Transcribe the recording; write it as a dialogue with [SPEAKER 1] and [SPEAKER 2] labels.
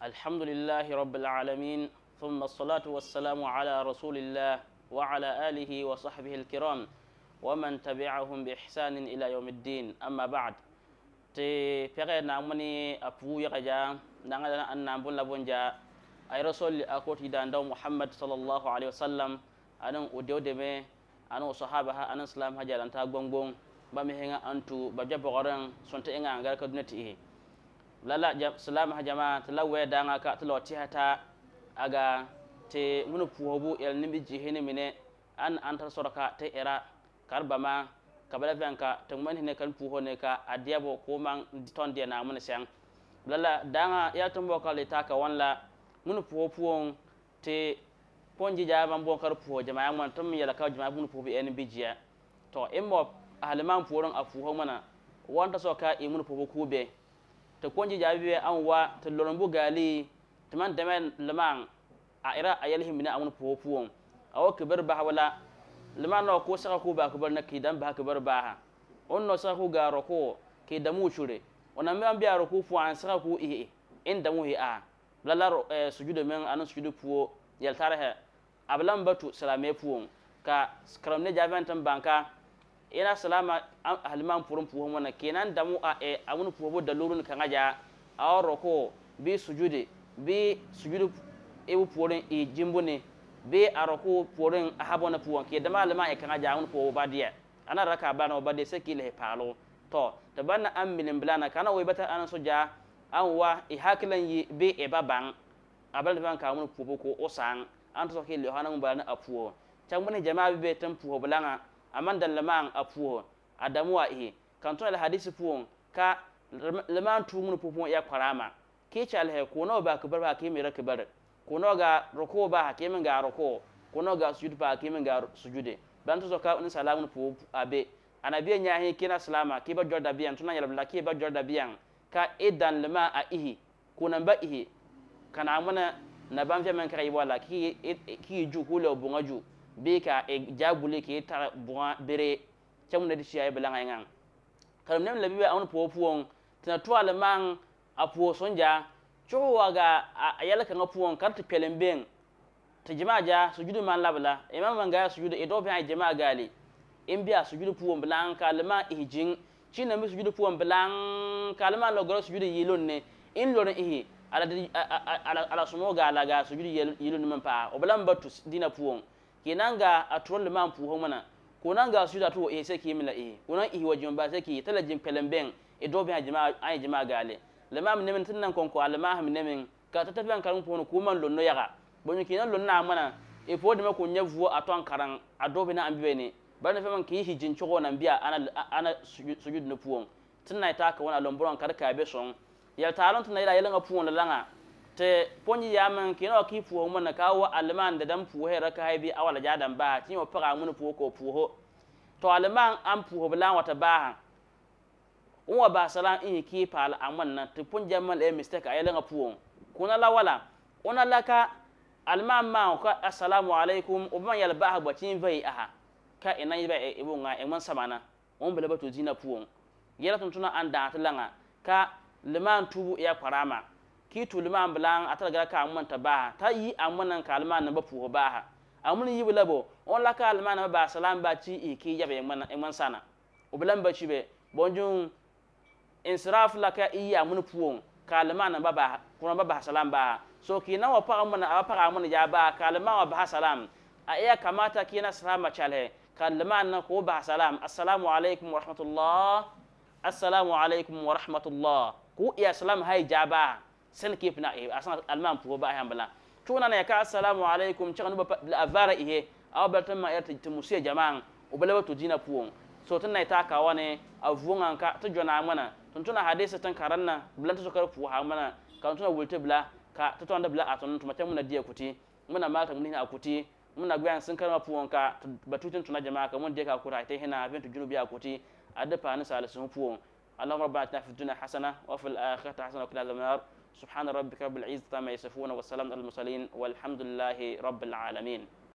[SPEAKER 1] الحمد لله رب العالمين ثم الصلاة والسلام على رسول الله وعلى آله وصحبه الكرام ومن تبعهم بإحسان إلى يوم الدين أما بعد تي بيغي نعمني أبو يغجا نغانا أن نامبون لبونجا أي رسول أكوتي داندو محمد صلى الله عليه وسلم أنا أدو دمي أنا صحابها أنا سلام هجا لانتا غونغون بامي أنتو بجا غران سنتي إنغا أنغا كدنتي إيه. lala salama jama talawe we danga ka talo ti hata aga te munu puhobu el nimbi jihini mine an antar soraka te era karbama kabala venka te mun hine kan puho ne ka adiabo ko man ton dia na mun sen lala danga ya tumbo ka le taka wanla munu puho puon te ponji jaba mbon kar puho jama yan man tum yala ka jama munu puho bi en bijiya to imbo ahliman puoron afuho mana wanta soka imunu puho kube ta konji jabi be an wa ta loron bu gali ta man dame laman a ira a yalhi mina amun puwo puwo awo kibar ba wala laman no ko saka ko ba kibar na kidan ba kibar ba ha on no saka ko ga roko ke da mu shure wannan me an biya roko fu an saka ko e in da hi a lalar eh, sujudu men anan sujudu puwo yaltare ha ablan batu salame puwo ka skramne jabi an tan banka ina salama halman purun puho mana kenan damu a a' e, amun puho da lurun kan aja a ko bi sujudi bi sujudu ebu purin e ne bi a a purin ahabona puwan ke dama halma e kan aja amun ba badiya ana raka bana badiya sekile palo to tabanna an milin bilana kana wai bata an soja an wa e hakilan yi bi e baban abal ban ka mun puho ko osan an to ke le hanan bana apuo changmane jama'a be tan puho bilanga amma da lamang a puo adamu wa ihe kan tun hadisi puo ka tu mun puo ya kwarama ke cha alhe ko no ba kubar ba ke mi rakbar ko no ga roko ba min ga roko ko no ga sujud ba hakimin ga sujude ban to ka un salamun puo abe anabiya nya he kina salama ke ba jorda biyan tunan yalbla ke ba jorda biyan ka idan e lama a ihe ko nan ba ihe kana mana na ban fiya man kai wala ki e, e, ki ju ko lo bunga ju be ka e jabule ke tara bwa bere cham na dishi ay belanga ngang kalam nem labi awon po puon tana tuwal mang apo sonja chuwa ga ayala kan puon kar ta pelembeng ta jama'a ja sujudu man labla imam e man ga sujudu e do bi ay jama'a gali in e biya sujudu puon belang kalma e ihjin china mi sujudu puon belang kalma lo gro sujudu yilon ne in lo ne ihi ala ala sumo ga ala ga sujudu yilon man pa obalan batu dina puon kinanga atrol man pu homana su da to e se kimila e kunan ihi wajin ba sai ki talajin pelemben e bi hajima ay jima gale limam nemin tinnan konko alamahim nemin ka ta tafiyan karin ko man lonno yaga bonyo kinan lonna mana e fo de ko nyavuo aton karan bi na ambibe ne bana faman ki hi jin chogo nan biya ana ana sujud no puon tinna ta ka wona lombron kar ka be son ya talon na ila yelanga puon la langa te ponyi ya man ki no ki puo mun ka wa alman da dan puo he raka haibi awala jadan ba ti o paga mun puo ko puo to alman an puo blan wata ba han wa ba salam in ki pal amman na te pon jamal e mistake ayela nga puo kuna la wala la ka alman ma ka assalamu alaikum uban yal ba ha tin vai aha ka ina e yi ba e, e nga e man samana on bele ba to zina puo yela tuntuna an da ta langa ka liman tubu e ya kwarama ki tuli ma bilang atara gara ka amman ta baha ta yi amman nan ka alman nan ba puho baha amun yi bila bo on la ka alman nan ba salam ba ci e ki yabe man man sana ubilan ba ci be bonjun insiraf la ka yi amun puon ka alman nan ba ba kuma ba ba salam ba so ki na wa para mun a para mun ya ba ka alman wa ba salam a iya kamata ki na salama chale ka alman nan ko ba salam assalamu alaikum wa rahmatullah assalamu alaikum wa rahmatullah ku iya salam hai jaba sẽn kɩp na eh, a sã almaan pʋgɔ baa yãmb la tʋʋna na ka assalamu alaikum chan ba la vara ihe aw wa bala tɩ n maan tɩ musia jamaang o bala ba to dina puʋng so tan n na y taaka wa ne a ka to jona a ŋmãna tɩn tʋna hadɩsã tɩn ka bala to sokar pʋʋsa a ŋmãna ka tun tʋna wultɩ bala ka tɩ tõnd bla a tõnd tʋma tɩ ŋmẽna dia kuti ŋmẽna maalta ŋmẽnihin na kuti ŋmẽna goɛɛng sun karma puʋgẽ ka ba tɩ tɩn tʋna jamaa ka mun dɩka ka kura ta hina bin tɩ junubi a kuti a ni paa nensaal sẽn puʋgẽ اللهم ربنا اتنا في الدنيا حسنه وفي الاخره حسنه وقنا عذاب النار سبحان ربك رب العزة ما يصفون وسلام على المرسلين والحمد لله رب العالمين